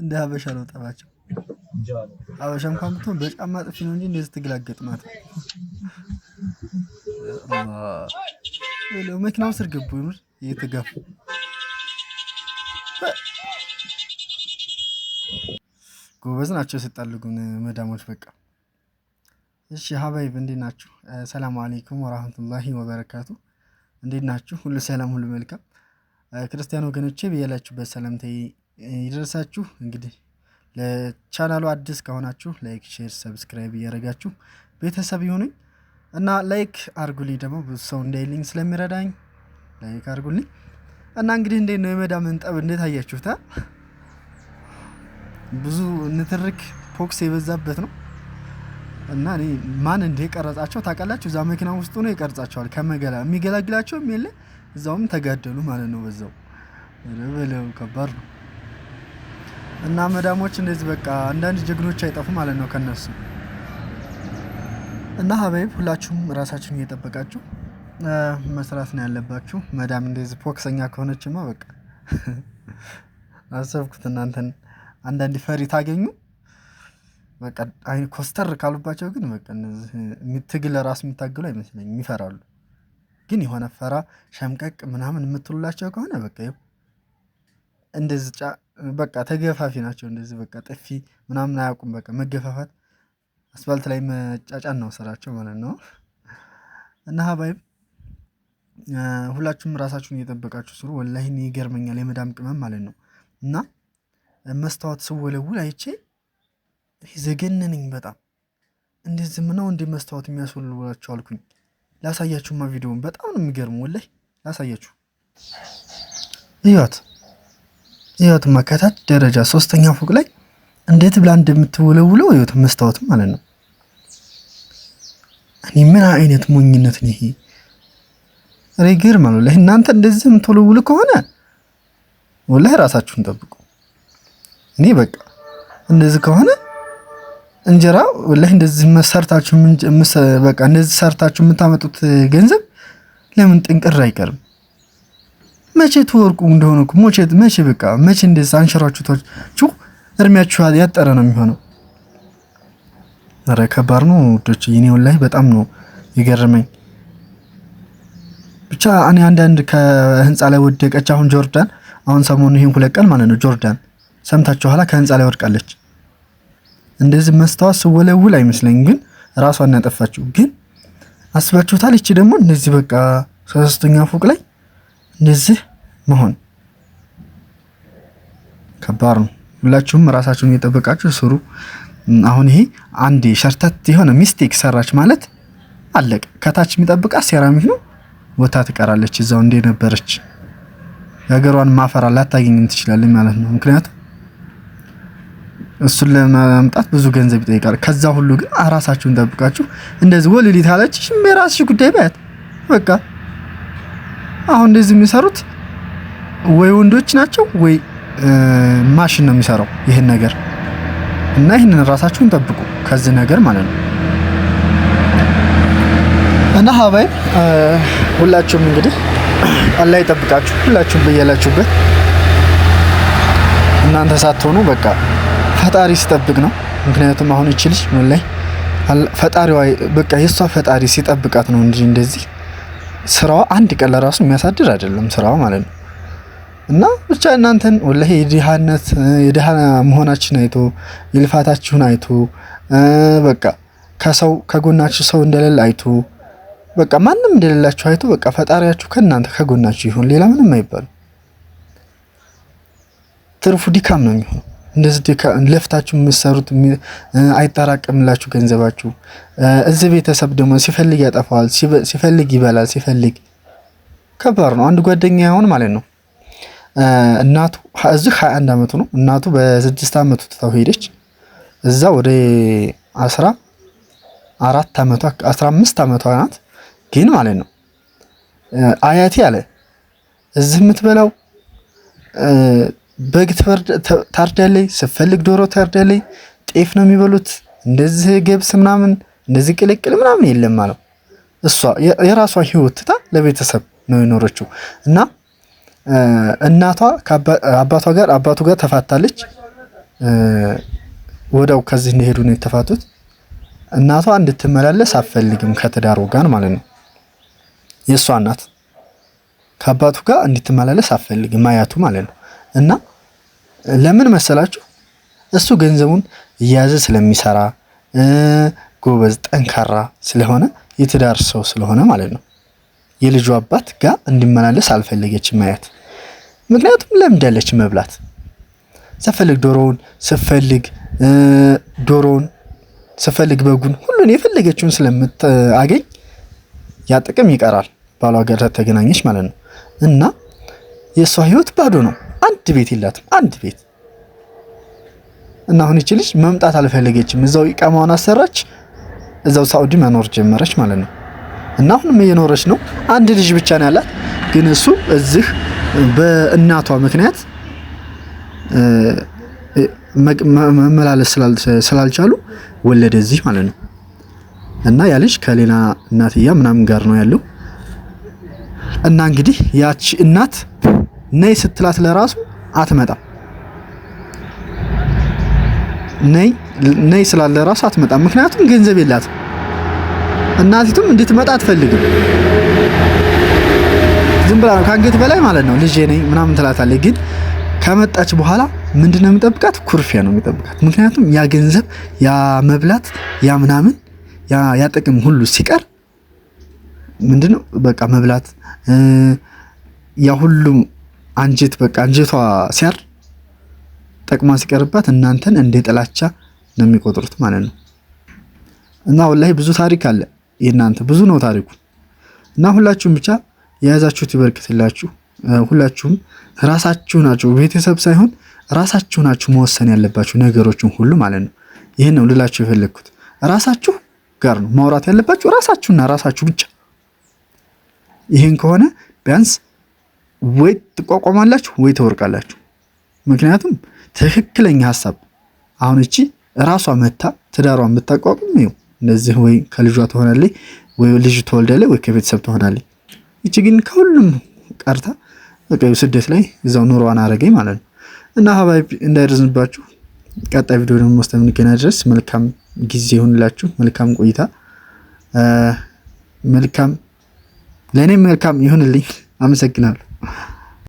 እንደ ሀበሻ ነው ጠባቸው። ሀበሻ እንኳን ብትሆን በጫማ ጥፊ ነው እንጂ እንደዚህ ትግላገጥ ማለት ነው። መኪናው ስር ገቡ፣ ምር እየተጋፉ ጎበዝ ናቸው ስጣልጉን መዳሞች። በቃ እሺ ሀባይብ እንዴት ናችሁ? ሰላም አሌይኩም ወራህመቱላሂ ወበረካቱ። እንዴት ናችሁ? ሁሉ ሰላም፣ ሁሉ መልካም። ክርስቲያን ወገኖቼ ብያላችሁበት ሰላምታዬ ይደርሳችሁ። እንግዲህ ለቻናሉ አዲስ ከሆናችሁ ላይክ፣ ሼር፣ ሰብስክራይብ እያደረጋችሁ ቤተሰብ ይሁኑኝ እና ላይክ አርጉልኝ ደግሞ ብዙ ሰው እንዳይልኝ ስለሚረዳኝ ላይክ አርጉልኝ። እና እንግዲህ እንዴት ነው የመዳም ጠብ እንዴት አያችሁታ? ብዙ ንትርክ ፖክስ የበዛበት ነው። እና እኔ ማን እንደ ቀረጻቸው ታውቃላችሁ? እዛ መኪና ውስጥ ሆኖ ይቀርጻቸዋል። ከመገላ የሚገላግላቸውም የለ እዛውም ተጋደሉ ማለት ነው። በዛው ረበለው ከባድ ነው። እና መዳሞች እንደዚህ በቃ አንዳንድ ጀግኖች አይጠፉ ማለት ነው ከነሱ እና ሀበይብ ሁላችሁም ራሳችሁን እየጠበቃችሁ መስራት ነው ያለባችሁ። መዳም እንደዚህ ፎክሰኛ ከሆነችማ በቃ አሰብኩት። እናንተን አንዳንድ ፈሪ ታገኙ በቃ ኮስተር ካሉባቸው ግን በቃ ትግል ራሱ የሚታገሉ አይመስለኝም፣ ይፈራሉ። ግን የሆነ ፈራ ሸምቀቅ ምናምን የምትሉላቸው ከሆነ በቃ እንደዚህ በቃ ተገፋፊ ናቸው። እንደዚህ በቃ ጥፊ ምናምን አያውቁም። በቃ መገፋፋት አስፋልት ላይ መጫጫን ነው ስራቸው ማለት ነው እና ሀባይም ሁላችሁም ራሳችሁን እየጠበቃችሁ ስሩ። ወላሂ እኔ ይገርመኛል የመዳም ቅመም ማለት ነው። እና መስታወት ስወለውል አይቼ ዘገነነኝ በጣም እንደዚህ ምነው እንደ መስታወት የሚያስወልውላችሁ አልኩኝ። ላሳያችሁማ ቪዲዮውን በጣም ነው የሚገርሙ። ወላይ ላሳያችሁ። እያት እያት ማከታት ደረጃ ሶስተኛ ፎቅ ላይ እንዴት ብላ እንደምትወለውለው እያት መስታወት ማለት ነው። እኔ ምን አይነት ሞኝነት ነው ይሄ? ኧረ ይገርማል። ወላሂ እናንተ እንደዚህ የምትወለውል ከሆነ ወላህ ራሳችሁን ጠብቁ። እኔ በቃ እንደዚህ ከሆነ እንጀራ ወላህ እንደዚህ መሰርታችሁ በቃ እንደዚህ ሰርታችሁ የምታመጡት ገንዘብ ለምን ጥንቅር አይቀርም? መቼ ትወርቁ እንደሆነ መቼ በቃ መቼ እንደዚህ ታችሁ እድሜያችሁ ያጠረ ነው የሚሆነው። ኧረ ከባድ ነው ውዶች። እኔ ወላሂ በጣም ነው የገረመኝ። ብቻ እኔ አንዳንድ ከህንፃ ላይ ወደቀች። አሁን ጆርዳን አሁን ሰሞኑ ይህን ሁለት ቀን ማለት ነው ጆርዳን ሰምታችሁ ኋላ ከህንፃ ላይ ወድቃለች። እንደዚህ መስታወት ስወለውል አይመስለኝ፣ ግን ራሷን ያጠፋችው ግን አስባችሁታል። ይቺ ደግሞ እንደዚህ በቃ ሶስተኛ ፎቅ ላይ እንደዚህ መሆን ከባድ ነው። ሁላችሁም ራሳችሁን እየጠበቃችሁ ስሩ። አሁን ይሄ አንድ ሸርተት የሆነ ሚስቴክ ሰራች ማለት አለቀ። ከታች የሚጠብቃት ሴራሚክ ነው። ወታ ትቀራለች እዛው እንደነበረች የሀገሯን ማፈራ ላታገኝም ትችላለች ማለት ነው። ምክንያቱም እሱን ለማምጣት ብዙ ገንዘብ ይጠይቃል። ከዛ ሁሉ ግን አራሳችሁን ጠብቃችሁ እንደዚህ ወልሊት አለች የራስሽ ጉዳይ ባያት በቃ አሁን እንደዚህ የሚሰሩት ወይ ወንዶች ናቸው ወይ ማሽን ነው የሚሰራው ይህን ነገር እና ይህንን ራሳችሁን ጠብቁ ከዚህ ነገር ማለት ነው። እና ሀባይ ሁላችሁም እንግዲህ አላህ ይጠብቃችሁ። ሁላችሁም በያላችሁበት እናንተ ሳትሆኑ በቃ ፈጣሪ ሲጠብቅ ነው። ምክንያቱም አሁን እቺ ልጅ ምን ላይ ፈጣሪዋ በቃ የእሷ ፈጣሪ ሲጠብቃት ነው እንጂ እንደዚህ ስራዋ አንድ ቀን ለራሱ የሚያሳድር አይደለም ስራዋ ማለት ነው። እና ብቻ እናንተን ወላሂ የድሃነት የድሃ መሆናችን አይቶ የልፋታችሁን አይቶ በቃ ከሰው ከጎናችሁ ሰው እንደሌለ አይቶ በቃ ማንም እንደሌላችሁ አይቶ በቃ ፈጣሪያችሁ ከእናንተ ከጎናችሁ ይሁን፣ ሌላ ምንም አይባል። ትርፉ ድካም ነው የሚሆነው። እንደዚህ ለፍታችሁ የምትሰሩት አይጠራቀምላችሁ ገንዘባችሁ። እዚህ ቤተሰብ ደግሞ ሲፈልግ ያጠፋዋል፣ ሲፈልግ ይበላል፣ ሲፈልግ ከባድ ነው። አንድ ጓደኛ ይሆን ማለት ነው እናቱ እዚህ 21 ዓመቱ ነው። እናቱ በስድስት ዓመቱ ትታው ሄደች። እዛ ወደ አስራ አራት ዓመቷ አስራ አምስት ዓመቷ ናት ግን ማለት ነው አያቴ አለ እዚህ የምትበላው በግ ታርዳለይ፣ ስፈልግ ዶሮ ታርዳለይ፣ ጤፍ ነው የሚበሉት፣ እንደዚህ ገብስ ምናምን እንደዚህ ቅልቅል ምናምን የለም አለው። እሷ የራሷ ህይወት ትታ ለቤተሰብ ነው የኖረችው እና እናቷ አባቷ ጋር አባቱ ጋር ተፋታለች። ወዳው ከዚህ እንደሄዱ ነው የተፋቱት። እናቷ እንድትመላለስ አፈልግም ከትዳሩ ጋር ማለት ነው። የእሷ እናት ከአባቱ ጋር እንድትመላለስ አፈልግም አያቱ ማለት ነው። እና ለምን መሰላችሁ? እሱ ገንዘቡን እያያዘ ስለሚሰራ ጎበዝ፣ ጠንካራ ስለሆነ የትዳር ሰው ስለሆነ ማለት ነው። የልጁ አባት ጋር እንዲመላለስ አልፈለገችም ማያት ምክንያቱም ለምዳለች መብላት ስፈልግ ዶሮውን ስፈልግ ዶሮውን ስፈልግ በጉን ሁሉን የፈለገችውን ስለምታገኝ ያ ጥቅም ይቀራል። ባሏ ጋር ተገናኘች ማለት ነው። እና የእሷ ህይወት ባዶ ነው። አንድ ቤት የላትም፣ አንድ ቤት እና አሁን ይቺ ልጅ መምጣት አልፈለገችም። እዛው ኢቃማዋን አሰራች፣ እዛው ሳኡዲ መኖር ጀመረች ማለት ነው። እና አሁንም እየኖረች ነው። አንድ ልጅ ብቻ ነው ያላት፣ ግን እሱ እዚህ በእናቷ ምክንያት መመላለስ ስላልቻሉ ወለደ እዚህ ማለት ነው። እና ያ ልጅ ከሌላ እናትያ ምናምን ጋር ነው ያለው። እና እንግዲህ ያቺ እናት ነይ ስትላት ለራሱ አትመጣም። ነይ ነይ ስላለ ራሱ አትመጣም። ምክንያቱም ገንዘብ የላትም። እናቲቱም እንድትመጣ አትፈልግም። ዝም ብላ ነው ከአንገት በላይ ማለት ነው ልጄ ነኝ ምናምን ትላታለች። ግን ከመጣች በኋላ ምንድነው የሚጠብቃት? ኩርፊያ ነው የሚጠብቃት። ምክንያቱም ያ ገንዘብ ያ መብላት ያ ምናምን ያ ጥቅም ሁሉ ሲቀር ምንድነው በቃ መብላት ያ ሁሉም አንጀት በቃ አንጀቷ ሲያር ጠቅማ ሲቀርባት እናንተን እንደ ጥላቻ ነው የሚቆጥሩት ማለት ነው። እና ወላሂ ብዙ ታሪክ አለ የእናንተ ብዙ ነው ታሪኩ። እና ሁላችሁም ብቻ የያዛችሁት ይበርክትላችሁ። ሁላችሁም ራሳችሁ ናችሁ፣ ቤተሰብ ሳይሆን ራሳችሁ ናችሁ መወሰን ያለባችሁ ነገሮችን ሁሉ ማለት ነው። ይህን ነው ልላችሁ የፈለግኩት። ራሳችሁ ጋር ነው ማውራት ያለባችሁ ራሳችሁና ራሳችሁ ብቻ ይህን ከሆነ ቢያንስ ወይ ትቋቋማላችሁ ወይ ትወርቃላችሁ። ምክንያቱም ትክክለኛ ሀሳብ አሁን እቺ ራሷ መታ ትዳሯ የምታቋቁም ይኸው እነዚህ ወይ ከልጇ ትሆናለች ወይ ልጅ ትወልዳለች ወይ ከቤተሰብ ትሆናለች። እቺ ግን ከሁሉም ቀርታ በቃ ስደት ላይ እዛው ኑሮዋን አረገኝ ማለት ነው። እና ሀባይ እንዳይደርዝንባችሁ ቀጣይ ቪዲዮ ደግሞ እስከምንገና ድረስ መልካም ጊዜ ይሁንላችሁ። መልካም ቆይታ፣ መልካም ለእኔም መልካም ይሁንልኝ። አመሰግናለሁ።